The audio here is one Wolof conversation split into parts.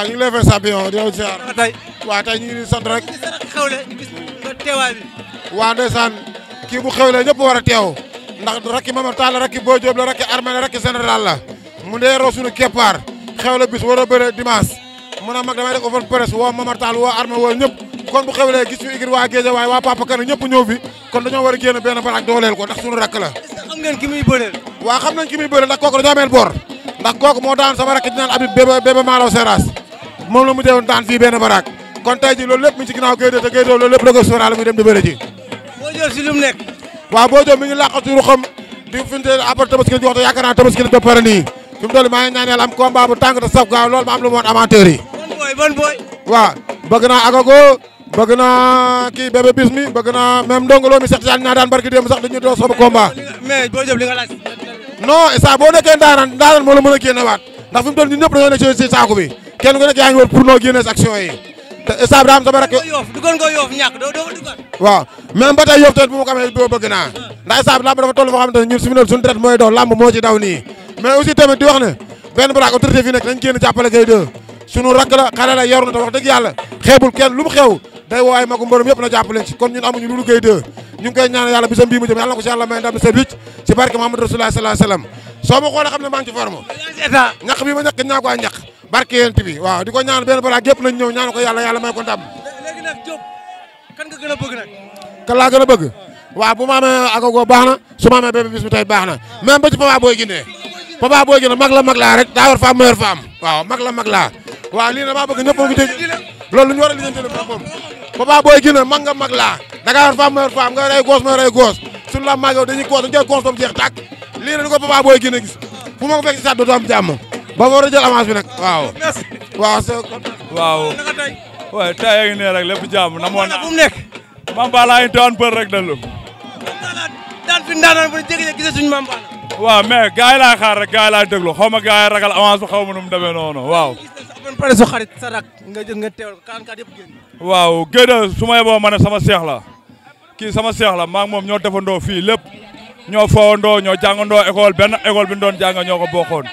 waaw ñu ngi lay fay champion di la ziar waaw tey ñu ngi sant rek. waaw ndeysaan kii bu xewlee ñëpp war a teew ndax rakki Mame Talla rakki Boy Diop la rakki armée la rakki général la mu dee roo suñu keppaar xewle bis war a bëre dimanche mu ne mag damay def open presse woo Mame Talla woo armée woo ñëpp kon bu xewlee gis fi igir waa Géeja waaye waa Papa Kane ñëpp ñëw fi kon dañoo war a génn benn dooleel ko ndax suñu rakk la. moo daan sama rakk di moom la mu deewoon daan fii benn baraak kon tey ji loolu lépp mi ngi ci te Guédiawaye loolu lépp da ko sóoraale muy dem di ji boo jël si lu mi ngi làqatu ruxam di finteel après tabaski di wax te yaakaar naa tabaski ba pare nii fi mu toll maa ngi ñaan yàlla am combat bu tàng te saf gaaw loolu ma lu moon amateur yi bon boy bon boy waaw bëgg naa agogo bëgg naa kii bébé bis mi bëgg naa même ndongoloo mi daan naa daan barki démb sax a génnewaat ndax fi mu toll bi kenn ku nekk yaa ngi war pour noo génne action yi te instant bii sama rakk. duggoon nga yoof ñàkk bu ma ko amee doo bëgg naa ndax instant bii dafa toll foo xamante ne ñun suñu doon suñu mooy daw làmb moo ci daw nii mais aussi tamit di wax ne benn braak autorité fii nekk dañ génn jàppale Gaye 2 suñu rakk la xale la yor na te wax dëgg yàlla xeebul kenn lu mu xew day woowaay magu mbërëm yëpp na jàppale ci kon ñun amuñu lu dul Gaye 2 ñu ngi koy bisam barke yent bi waaw di ko ñaan benn balaa gépp nañ ñëw ñaan ko yàlla yàlla may ko ndam. léegi nag Diop gën a bëgg nag. a bëgg. waaw bu ma amee agogo baax na su ma amee Bébé Bismi tey baax na même ba ci Papa Boy Djiné Papa Boy Djiné mag la mag laa rek daa war faam meilleur faam waaw mag la mag laa waaw lii damaa bëgg ñëpp loolu lu ñu war a lijjanti la laa da ngaa war faam meilleur faam nga rey goos ma rey goos suñu la mag yow dañuy goos dañu koy goos jeex tàkk lii ni ko Papa Boy Djiné gis fu ma ko fekk si sax ba jël avance bi nag waaw. waaw soo waaw. waaye tey yaa ngi ne rek rek dellu. daan fi ndaanaan bu ne jékki-jékki gisee suñu waaw mais gars yi laay xaar rek gars yi laay déglu xaw ma gars yi ragal avance bi xaw ma nu mu waaw. pare su nga jël nga teewal ko ma yeboo ma ne sama seex la kii sama seex la maa moom ñoo defandoo fii lépp ñoo foowandoo ñoo jàngandoo école benn école bi ñu ñoo ko bokkoon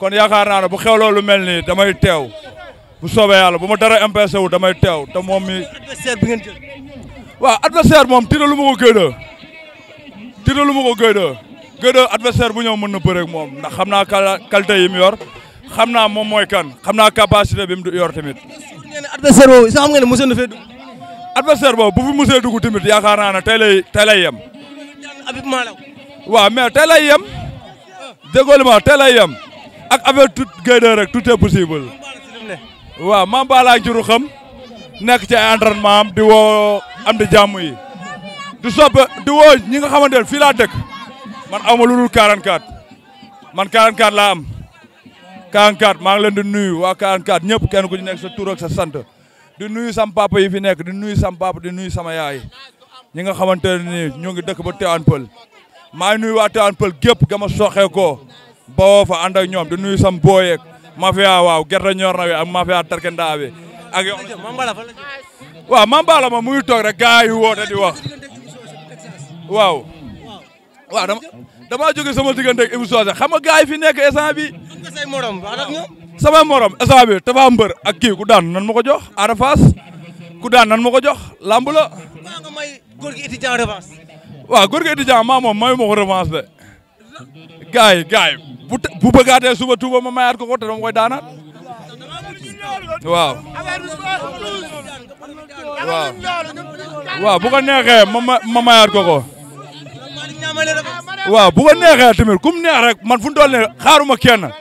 kon yaakaar naa ne bu xewloo mel nii damay teew bu soobee yàlla bu ma dara empêché wu damay teew te moom mi. adversaire bi ngeen jël. waaw adversaire moom tiitalu ma ko Guèye tiitalu ma ko Guèye bu ñëw mën na bëreeg moom ndax xam naa qualité yi mu yor xam naa moom mooy kan xam naa capacité bi yor tamit. adversaire boobu isa xam nga ne mos na fee dugg. adversaire ne tey lay tey lay yem. mais tey lay yem. déggoo li yem. ak avec tout Gaye rek tout est possible. waaw maam balaa ci nekk ci ay entraînement di woo am di jàmm yi. di soppe di woo ñi nga xamante ne fii laa dëkk man aw ma lu dul 44 man 44 laa am 44 maa ngi leen di nuyu waa 44 ñëpp kenn ku ci nekk sa tur ak sa sant di nuyu sam papa yi fi nekk di nuyu sam papa di nuy sama yaay ñi nga xamante ne nii ñoo ngi dëkk ba Tewaane Pël maa ngi nuyu waa Tewaane Pël gépp gama soxee koo bawoo fa ànd ak ñoom di nuyu sam booyeeg mafia waaw gerte ñor na wi ak mafia tarkenda waaw mam ma muy toog rek woote di wax waaw waaw dama damaa sama diggante ak Ibou Socé xam nga fi nekk instant bi sama morom instant bi Tapha Mbeur ak kii ku daan nan ma jox Ada ku daan nan ma jox lamb waaw góor gi étudiant maa moom mayu ma ko de gars yi bu bu suba tuuba ma mayaat ko ko te dama koy daanaat waaw. waaw waaw neexee ma ma mayaat ko ko. waaw bu neexee tamit kum neex man fu mu toll ne xaaruma kenn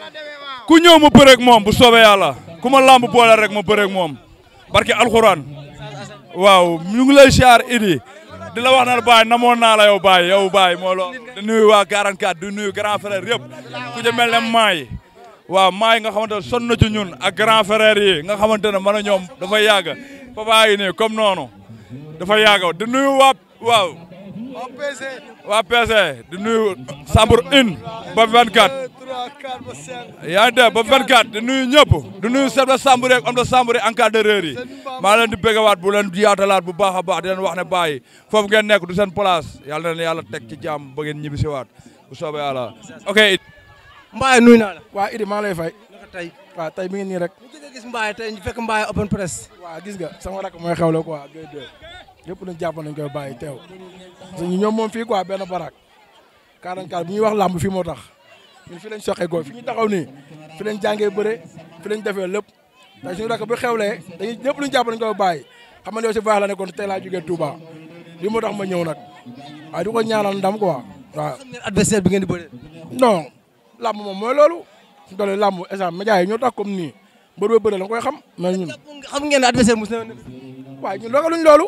ku ñëw ma bëreeg moom bu soobee yàlla ku ma rek ma bëreeg moom barke alxuraan waaw ñu Idi di la wax na baay namoon naa la yow baay yow baay moo loolu di nuyu waa 44 di nuy grand frère yëpp ku ci mel ne maay waaw maay nga xamante ne sonn na ci ñun ak grand frère yi nga xamante ne man a ñoom dafa yàgg papa yi nii comme noonu dafa yàgg di nuyu wa waaw waa di nuyu Sambour une ba 24 yaa ngi dégg ba 24 di nuyu ñëpp di nuyu Seba Sambouré ak am na Sambouré encadreur yi maa leen di béggewaat bu leen yaatalaat bu baax baax di leen wax ne bàyyi foofu ngeen nekk du seen place yàlla na yàlla teg ci jàmm ba ngeen ñibbisiwaat bu soobee yàlla ok. Mbaye nuyu naa la. waa Idi maa lay fay. naka tey waaw tey mi ngi nii rek. ñu ngi gis tey ñu fekk Mbaye open press. waa gis nga sama rakk mooy xewle quoi ak yooyu yëpp nañu jàpp nañu koy bàyyi teew. parce que ñoom moom fii quoi benn baraak. 44 bu ñuy wax làmb fii moo tax ñun fi lañ soqeekoo fi ñu taxaw nii fi lañ jàngee bëre fi lañ defee lépp ndax suñu rakk bu xewlee dañuy ñëpp luñu jàpp dañu koy bàyyi xam nga yow si voyage la nekkoon tey laa jógee Touba li moo tax ma ñëw nag waaye du ko ñaanal ndam quoi waaw. adversaire bi ngeen di bëre. non làmb moom mooy loolu su doole làmb exemple média yi ñoo tax comme nii mbër ba bëre xam mais ñun. xam ngeen ne adversaire mos na waaye ñun loolu luñ loolu.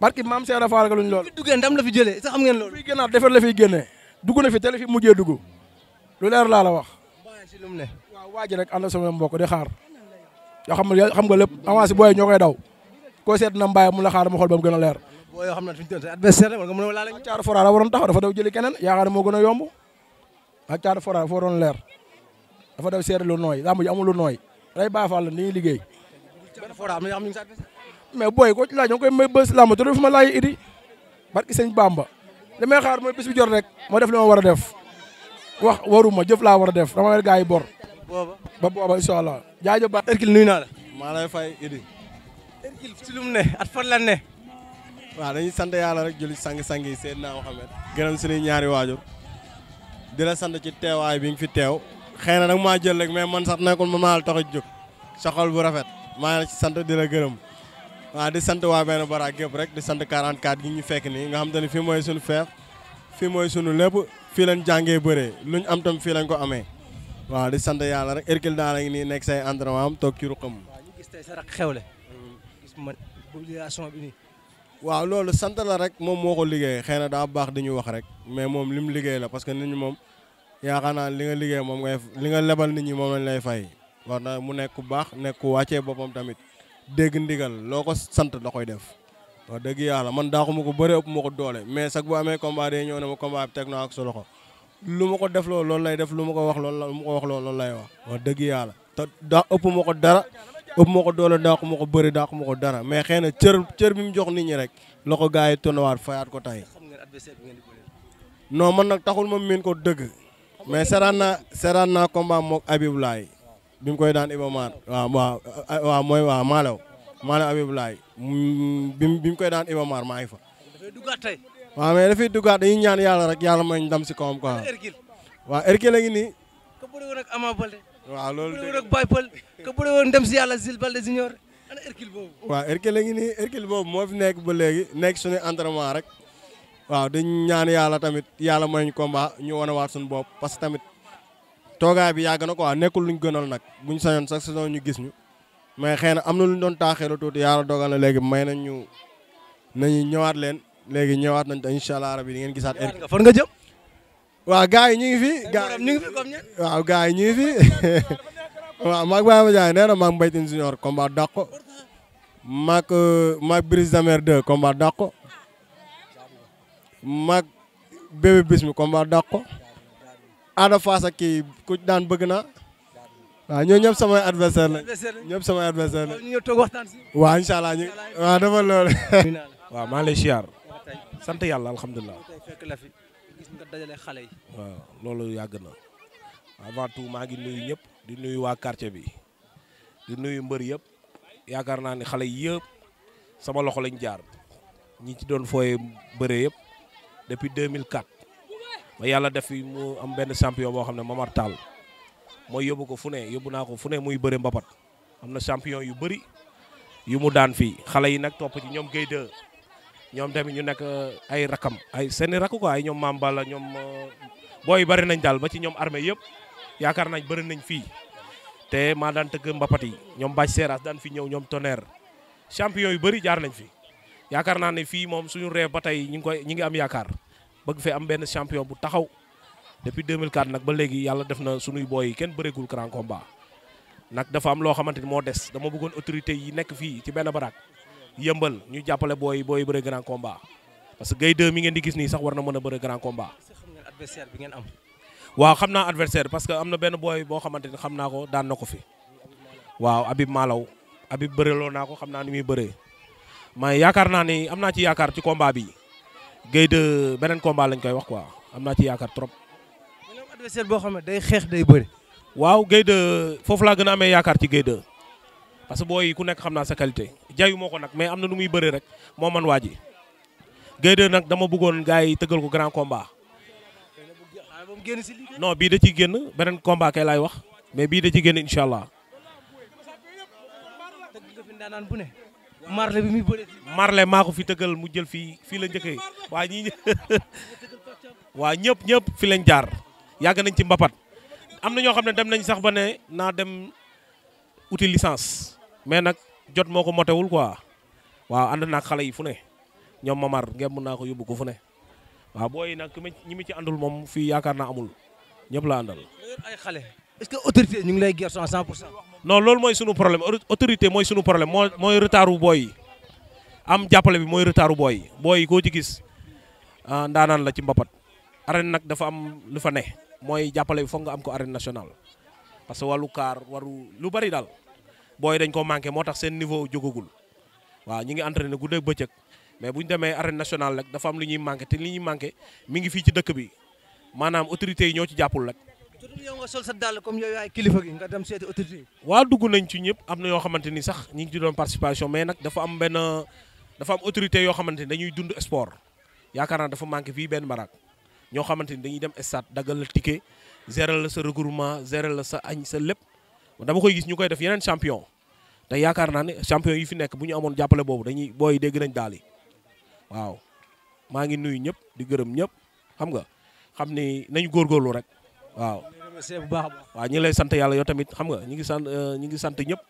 barki maam Seydou Fall luñ loolu. bu ndam la fi jëlee sax xam ngeen loolu. fi defar la fiy génnee dugg na fi te la fi mujjee dugg lu leer laa la wax. waaw waa ji rek ànd sama mbokk di xaar yoo xam nga xam nga lépp avancé booy ñoo koy daw ko seet na mbaay mu la xaar ma xool ba mu gën a leer. booy yoo xam ne fi ñu a laal ak caaru foraara waroon taxaw dafa daw jëli keneen yaakaar moo gën a yomb ak caaru foraara foo doon leer dafa daw seet lu nooy làmb ji amul lu nooy day baafaal la ni liggéey. mais booy ko ci laaj ñoo koy may bës làmb te du fi ma laaj idi barki sëñ Bamba li may xaar mooy bis bi rek moo def li war a def wax waruma jëf laa war a def dama weer gars yi bor. ba booba incha allah jaajëf ba. Hercule nuyu naa la. maa lay fay Idi. Hercule si ne at fan la ne. waa dañuy sant yàlla rek julli sang-sang yi Seydina Mohamed. gërëm suñuy ñaari waajur. di la sant ci teewaay bi nga fi teew. xëy na nag maa jël rek mais man sax nekkul ma maa la tax a jóg. soxal bu rafet maa ngi ci sant di la gërëm. waaw di sant waa benn baraag gépp rek di sant 44 gi ñu fekk nii nga xam te ne fii mooy suñu feex fii mooy suñu lépp fii lañ jàngee bëree lu ñu am tam fii lañ ko amee waaw di sant yàlla rek Hercule daal ngi nii nekk say entraînement am toog ci ruqam. waaw ñu gis tey sa rak xewle. gis man bi waaw loolu sant la rek moom moo ko liggéey xëy na daa baax di ñu wax rek mais moom li mu liggéey la parce que nit ñi moom yaakaar naa li nga liggéey moom ngay li nga lebal nit ñi moom lañ lay fay war na mu nekk ku baax nekk ku wàccee boppam tamit dégg ndigal loo ko sant da koy def. wax dëgg yàlla man daaxuma ko bëre ëpp ma ko doole mais sax bu amee combat day ñëw ne ma combat bi teg naa ak sa loxo lu ma ko def loolu lay def lu ma ko wax loolu lu ma ko wax loolu loolu lay wax wax dëgg yàlla te daa ëpp ma ko dara ëpp moo ko doole daaxuma ko bëre daaxuma ko dara mais xëy na cër cër bi mu jox nit ñi rek loxo ko gars yi tonawaat fayaat ko tey non man nag taxul ma miin ko dëgg mais seraan naa seraan naa combat mook Abib Laay bi mu koy daan Iba Mar waaw waaw waaw mooy waaw maalaw maanaam Abibulaay bi bi mu koy daan Iba Mar maa ngi fa. dafay duggaat tey. waaw mais dafay duggaat dañuy ñaan yàlla rek yàlla may ñu dam si kawam quoi. waaw Hercule a ngi nii. ka si yàlla Zil boobu. a ngi nii moo fi nekk ba léegi nekk suñu entraînement rek. waaw dañ ñaan yàlla tamit yàlla may ñu combat ñu wane waat suñu bopp parce que tamit toogaay bi yàgg na quoi nekkul luñ gënal nag buñ sañoon sax saison ñu gis ñu mais xëy am na lu ñu doon taaxeelu tuuti yàlla dogal na léegi may nañ ñu ñëwaat leen léegi ñëwaat nañ te incha allah rabi di ngeen gisaat. nga fan nga jëm. waaw gars yi ñu ngi fi. gars yi ñu ngi fi comme ñett. waaw gars yi ñu waaw maag Baye Madiaye nee na maag Mbaye Junior combat dàq ko maag euh, maag Brise de Mer 2 Bébé Bismi combat dàq Ada Fass ak kii ku daan bëgg na waaw ñoo ñëpp samay adversaire lañ ñëpp samay adversaire lañ ñu toog waxtaan si waaw incha allah ñu waaw dafa loolu waaw maa gi lay sant yàlla alhamdulilah fekk gis nga dajale xale yi waaw loolu yàgg na avant tout maa nuyu ñëpp di nuyu waa quartier bi di nuyu mbër yëpp yaakaar naa ni xale yëpp sama loxo lañ jaar ñi ci doon fooye bëre yëpp depuis 2004 ba yàlla def fi mu am benn champion boo xam ne Mamar Tall mooy yóbbu ko fu ne yóbbu naa ko fu ne muy bëre mbapat am na champion yu bëri yu mu daan fii xale yi nag topp ci ñoom Guèye ñoom tamit ñu nekk uh, ay rakam ay seeni rakk quoi ay ñoom Mame Balla ñoom uh, booy bëri nañ daal ba ci ñoom armée yëpp yaakaar nañ bëri nañ fii te maa daan tëgg mbapat yi ñoom Bac Seras daan fi ñëw ñoom Tonnerre champion yu bëri jaar nañ fi yaakaar naa ne fii moom suñu réew ba tey ñu ngi koy ñu ngi am yaakaar bëgg fee am benn champion bu taxaw depuis 2004 nag ba léegi yàlla def na sunuy booy yi kenn bëreegul grand combat nag dafa am loo xamante ni moo des dama bëggoon autorité yi nekk fii ci benn baraak yëmbal ñu jàppale booy booy bëre grand combat parce que Gaye 2 mi ngeen di gis nii sax war na mën a bëre grand combat. xam ngeen bi ngeen am. waaw xam naa adversaire parce que am na benn booy boo xamante ni xam naa ko daan ko fi waaw Habib Malaw Habib bëreloo naa ko xam naa ni muy bëree mais yaakaar naa ni am naa ci yaakaar ci combat bi Gaye beneen combat lañ koy wax quoi am naa ci yaakaar trop. adversaire boo xam ne day xeex day bëri. waaw Guèye foofu laa gën a amee yaakaar ci Guèye 2 parce que booy ku nekk xam naa sa qualité jayu moo ko nag mais am na nu muy bëree rek moo man waa ji Guèye nag dama bëggoon gars yi tëggal ko grand combat. non bii da ci génn beneen combat kay laay wax mais bii da ci génn incha allah. marle bi muy bëri. marle maa ko fi tëggal mu jël fii fii la njëkkee waa ñii waa ñëpp ñëpp fi lañ jaar. yàgg nañ ci mbapat am na ñoo xam ne dem nañ sax ba ne naa dem uti licence mais nag jot moo ko motewul quoi waaw ànd naag xale yi fu ne ñoom mamar ngeen mën naa ko yóbbu ko fu ne waaw booy nag ñi mi ci àndul moom fii yaakaar naa amul ñëpp la àndal. ay xale est-ce que autorité ñu ngi lay gerte à pour cent non loolu mooy sunu problème autorité mooy sunu problème moo mooy retardu booy am jàppale bi mooy retardu booy booy koo ci gis ah, ndaanaan la ci mbapat. arène nag dafa am lu fa ne mooy jàppale bi foog nga am ko arène national parce que wàllu kaar waru lu bari daal booy dañ ko manqué moo tax seen niveau jógagul waaw ñu ngi entraîné guddeeg bëccëg mais bu ñu demee arène nationale rek dafa am lu ñuy manqué li ñuy manqué mi ngi fii ci dëkk bi maanaam autorités yi ñoo ci jàppul rek. yow nga sol comme yow gi nga dem seeti autorité yi. dugg nañ ci ñëpp am na yoo xamante ni sax ñu ngi ci doon participation mais nag dafa am benn dafa am autorité yoo xamante ni dañuy dund sport yaakaar naa dafa manqué fii benn baraak ñoo xamante ni dañuy dem stade daggal la ticket gérer la sa regroupement gérer la sa añ sa lépp dama koy gis ñu koy def yeneen champion te yaakaar naa ne champion yi fi nekk bu ñu amoon jàppale boobu dañuy booy dégg nañ daal yi waaw maa ngi nuyu ñëpp di gërëm ñëpp xam nga xam ni nañu góorgóorlu rek waaw. waaw ñu ngi lay sant yàlla yow tamit xam nga ñu ngi sant euh, ñu ngi sant ñëpp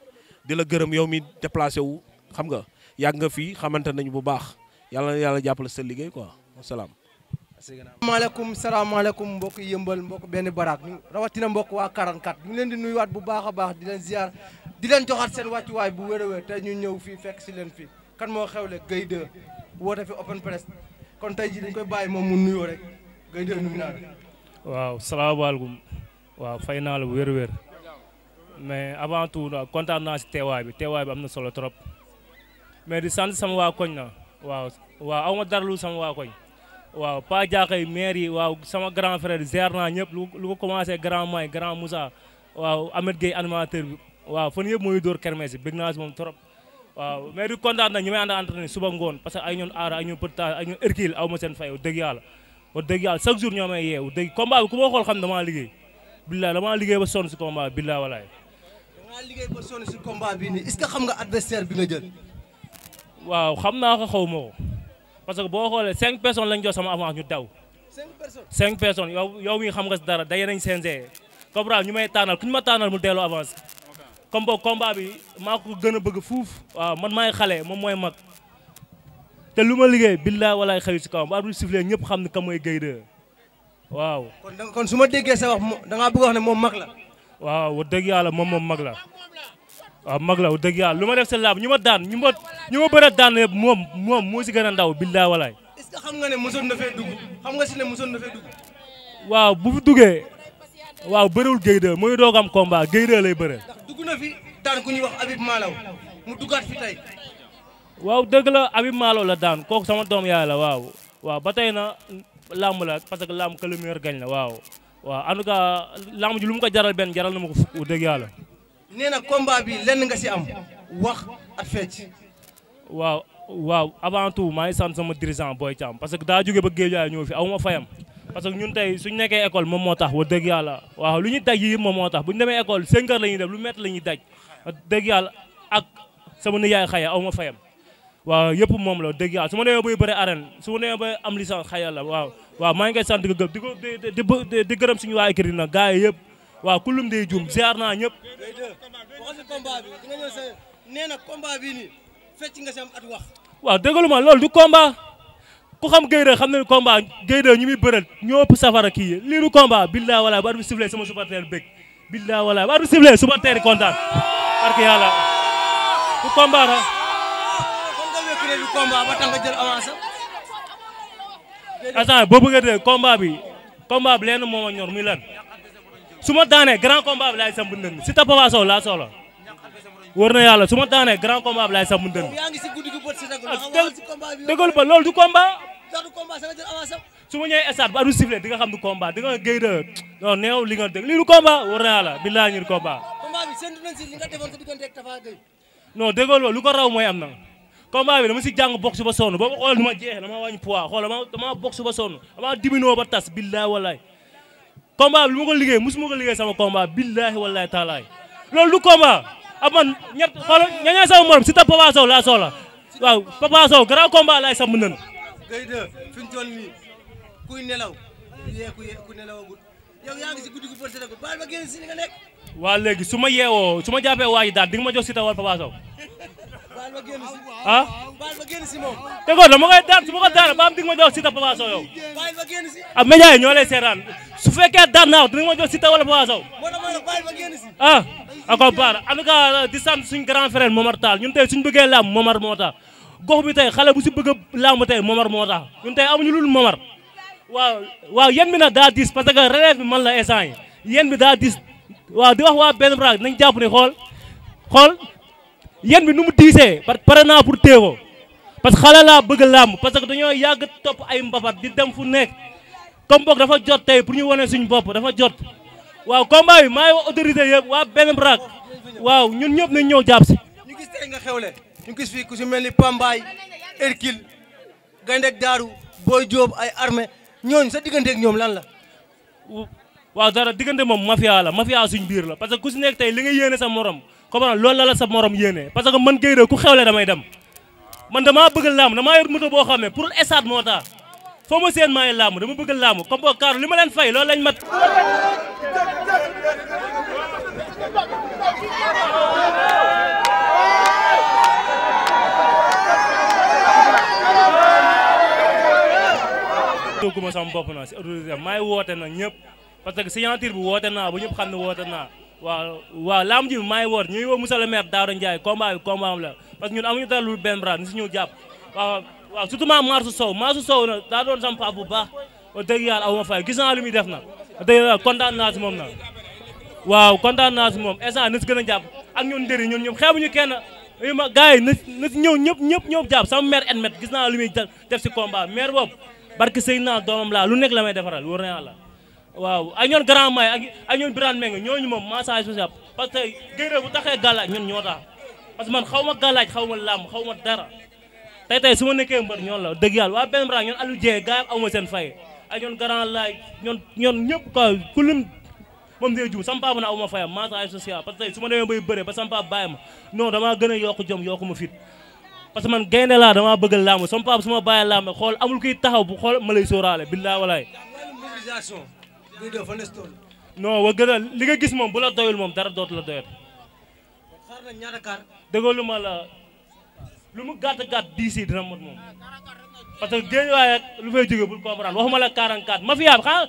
di la gërëm yow mi déplacé wu xam nga yàgg nga fii xamante nañu bu baax yàlla na yàlla jàppale sa liggéey quoi salaam maaleykum salaamaaleykum mbokk yëmbal mbokk benn baraak ñu rawatina mbokk waa 44 ñu ngi leen di nuyuwaat bu baax baax di leen ziar di leen joxaat seen wàccuwaay bu wér a wér tey ñu ñëw fii fekk si leen fii kan moo xewle Gueye 2 woote fi open press kon te ji dañ koy bàyyi moom mu nuyoo rek Gueye 2 nuyu naa la waaw salaamaaleykum waaw fay naa la bu wér wér mais avant tout kontaan naa si teewaay bi teewaay bi am na solo trop mais di sant sama waa koñ na waaw aw ma dara lu sama waa waaw Pa Diakhay maire yi waaw sama grand frère ziar naa ñëpp lu ko commencé grand May grand Moussa waaw Ahmed Gueye animateur bi waaw fan yëpp mooy dóor kermesse yi naa si moom trop. waaw mais kontaan nag ñu may ànd entraîné suba ngoon parce que ay ñoon aara ay ñoon pëtta ay ñoon Hercule aw ma seen fay dëgg yàlla wax dëgg yàlla chaque jour ñoo may yeewu dëgg combat bi ku ma xool xam damaa liggéey billaay damaa liggéey ba sonn si combat bi billaay walaay que xam nga adversaire bi nga jël waaw xam naa ko parce que boo xoolee cinq personnes lañ jox sama avance ñu daw. cinq personnes cinq yow yow xam nga si dara daje nañ CNG. Cobra ñu may tànnal ku ñu ma tànnal mu delloo avance. comme boog combat bi maa gën a bëgg fuuf. waaw man maay xale moom mooy mag. te lu ma liggéey billaa walaay xëy si kawam bu arbitre sifflé ñëpp xam ne ka mooy Gueye waaw. kon su ma déggee sa wax da ngaa wax ne moom mag la. waaw wax dëgg yàlla moom moom mag la. waaw ah, mag la dëgg yàlla lu ma def sa laab ñu ma daan ñu ma ñu ma bëri daan yëpp moom moom moo si gën a ndaw billaay walaay. est-ce xam nga ne mosoon xam nga si ne mosoon waaw bu fi waaw bëriwul Guèye 2 muy doog am combat Guèye 2 lay bëre. ndax na fi daan ku ñuy wax Habib Malaw mu duggaat fi tey. waaw dëgg la Habib Malaw la daan kooku sama doom yaay la waaw waaw ba tey na làmb la parce que làmb que la waaw. waaw en tout cas làmb ji lu ko jaral ben jaral na ma ko fukk dëgg yàlla. nee na combat bi lenn nga si am wax ak fecc waaw waaw avant tout maa ngi sant sama dirigeant Boy Thiam parce que daa jóge ba Guédiawaye ñëw fi aw ma fayam parce que ñun tey suñu nekkee école moom moo tax wax dëgg yàlla waaw lu ñu daj yi moom moo tax bu ñu demee école cinq heures la ñuy def lu métti la ñuy daj wax dëgg yàlla ak sama nijaay xaya ma fayam waaw yëpp moom la dëgg yàlla su ma demee bay bëri su ma am licence xaya la waaw waaw maa ngi koy sant di ko gëm di ko di gërëm suñu waa écrit na gars yëpp waaw kullum day juum naa ñëpp. waxal si combat bi dina ñëw sa nee na combat bii nii fecc nga xam Guèye xam ne combat Guèye ñu muy bëral ñoo ëpp safara kii lii du combat bilaa walaay bu arbitre sifflé sama supporter bëgg bilaa walaay bu arbitre sifflé supporter kontaan parce que yàlla du combat la. kon nga wékkee du combat ba tax nga bi combat bi lenn moom a ñor muy su ma daanee grand combat bi laay samb ndënd si ta Papa Sow laa soxla wër na yàlla su ma daane grand combat bi laay samb ndënd dëggal ba loolu du combat su ma ñëwee stade bu adu sifflé di nga xam du combat di nga géy de non neew li nga dégg lii du combat wër na yàlla billaay ñir combat non dëggal ba lu ko raw mooy am na combat bi dama si jàng boxe ba sonn ba ma xool nu ma jeexee dama wàññi poids xool dama dama boxe ba sonn dama diminoo ba tas billaay wallaay combat bi lu ma ko liggéey musuma ko liggéey sama combat billaahi wallaahi taalaay loolu du combat ab man ñett xoolal ñañaa sama morom si ta Papa laa soxla waaw Papa Sow grand combat laay sàmm nan Gueye 2 fi ñu toll nii kuy ma génn si li nga nekk waa léegi su ma yeewoo su ma jàppee waa ji daal di ma jox si ta ah te kon nag ma koy daan su ma ko daanee ba am di nga ah, su fekkee daan naaw dina ma jox Siteu wala Papa Sow ah encore baax en tout cas di sant suñ grand frère Momar Tall ñun tey suñ bëggee làmb Momar moo tax gox bi tey xale bu si bëgg a làmb tey Momar moo tax ñun tey amuñu lul Momar waaw waaw bi na daa diis parce que relève bi man la instant yi yéen bi daa diis waaw di wa waa benn braak nañ jàpp ne xool xool yéen bi nu mu diisee parce que pare naa pour téye ko parce que xale laa bëgg làmb parce que dañoo yàgg topp ay mbapat di dem fu nekk comme boog dafa jot tey pour ñu wane suñu bopp dafa jot waaw combat bi maa ngi wax autorité yëpp waa benn brak waaw ñun ñëpp nañ ñëw jàpp si. ñu gis tey nga xewle ñu gis fii ku si mel ni Pambaay Hercule Gandek Daaru Boy Diop ay armée ñooñu sa digganteeg ñoom lan la. waaw dara diggante moom mafia la mafia suñ biir la parce que ku si nekk tey li nga yéene sa morom. comprendre loolu la la sa morom yéene parce que man Gueye ku xewle damay dem man dama bëgg laamu damaa yor moto boo xam ne pour estade moo tax foo ma seen maay laamu dama bëgg laamu comme boog kaaru li ma leen fay loolu lañ mat. togguma sama bopp naa woote na ñëpp parce que signature bi woote naa bu ñëpp xam ne woote naa waaw waaw laamu ji maa ngi woor ñu ngi woo monsieur le maire Daara Ndiaye combat bi combat am la parce que ñun amuñu dara lu benn bras ñu si ñëw jàpp waaw waaw surtout maa Marsu Sow Marsu Sow nag daa doon sama pap bu baax wax dëgg yàlla aw ma fay gis naa lu muy def nag wax dëgg yàlla kontaan naa si moom nag waaw kontaan naa si moom instant na si gën a jàpp ak ñun ndëri ñun ñëpp xeebuñu kenn yu ma gars yi na na si ñëw ñëpp ñëpp ñëpp jàpp sama maire Edmet gis naa lu muy def si combat maire boobu barke sëy naa doomam laa lu nekk la may defaral wóor na yàlla waaw ay ñoon grand may ak ay ñoon biraan meng ñooñu moom massage social parce que génne bu taxee gàllaaj ñun ñoo tax parce que man xaw ma gàllaaj xaw ma làmm xaw ma dara tey tey su ma nekkee mbër ñoon la dëgg yàlla waa benn bras ñoon alu jee gaa ma seen fay ay ñoon grand laaj ñoon ñoon ñëpp quoi ku lim moom dee jum sama na aw ma fayam massage social parce tey su ma demee bay bëree ba sama papa bàyyi ma non damaa gën a yokk jom yokku ma fit parce que man gaynde laa damaa bëgg làmm sama papa su ma bàyyi làmm xool amul kuy taxaw bu xool ma lay sóoraale billaa walaay mobilisation non wa gën li nga gis moom bu la doyul moom dara dootu la doyat dëggoo lu ma lu mu gàtt gàtt diis yi dina moom parce que géej waaye lu fay jóge bul comprendre waxuma la 44 mafia bi xaa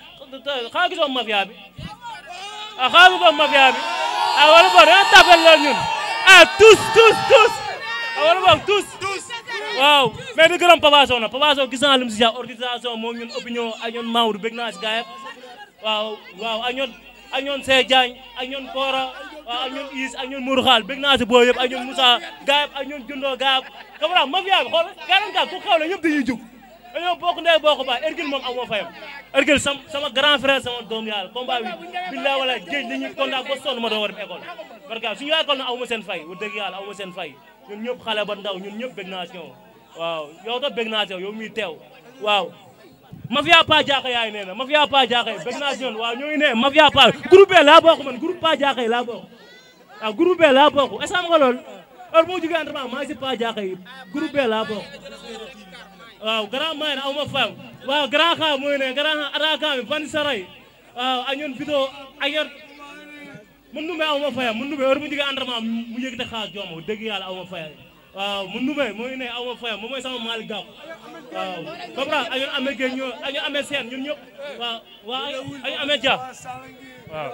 xaa gisoo mafia bi ah xaa gisoo mafia bi ah wala boog danga tapel loolu ñun ah tous tous tous ah wala waaw mais di gërëm na Papa gis naa lu mu si organisation moom ñun opinion ak ñun membre bég naa si gaayam waaw waaw ak ñoon ak ñoon see Diagne ak ñoon Koora waaw ak ñoon Is bëgg naa si booy yëpp ak ñoon Moussa Gaab ak ñoon Jundoo Gaab xam nga mafia bi xool garanka ku xew la ñëpp dañuy jug dañoo bokk ndey bokk baay Hercule moom amoo fayam Hercule sama grand frère sama doom yàlla combat bi billaay wala géej li ñuy kontaan ma doo war a école barka suñu école na aw ma seen fay wax dëgg yàlla aw ma seen fay ñun ñëpp xale ba ndaw ñun bëgg naa si yow waaw yow mafia pa jaaxa yaay nee na mafia pa jaaxa yi bëgg naa si ñoom waaw ñoo ngi ne laa bokk man groupe laa bokk waaw groupe laa bokk est-ce maa ngi si pa jaaxa laa bokk waaw grand maire aw ma fayam waaw grand xaar mooy grand attaquant bi Saray waaw ak ñoom vidéo ak yor mën aw ma fayam mën nu me heure bu ma jógee mu yëg te xaar jooma dëgg aw ma fayam waaw mu numee moo ngi ne aw ma fayam moom mooy sama maal gaaw waaw comprendre ak a amee géej ñoo ak ñun amee seen ñun ñëpp waaw waaw ak ñun amee ja waaw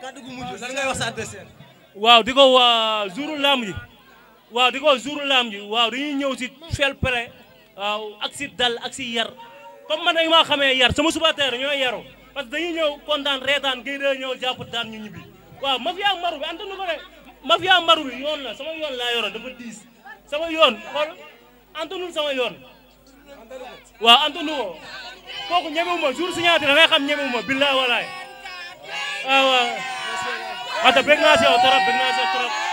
kaddu gu mujj lan waaw di ko waa jouru laam ji waaw di ko jouru laam ji waaw dañuy ñëw si fel pré waaw ak si dal ak si yar comme man dañ maa xamee yar sama supporter ñooy yaru parce que dañuy ñëw kontaan reetaan géej day ñëw jàpp daan ñu ñibbi waaw ma fi maru bi anta nu de mafia mbarul yoon la sama yoon la yoroon dafa diis sama yoon xool antanul sama yoon waaw antanu ko kooku ñemewuma jour signature da ngay xam ñemewuma billaay walaay ah, waaw waaw ata bëgg naa si yow trop bëgg naa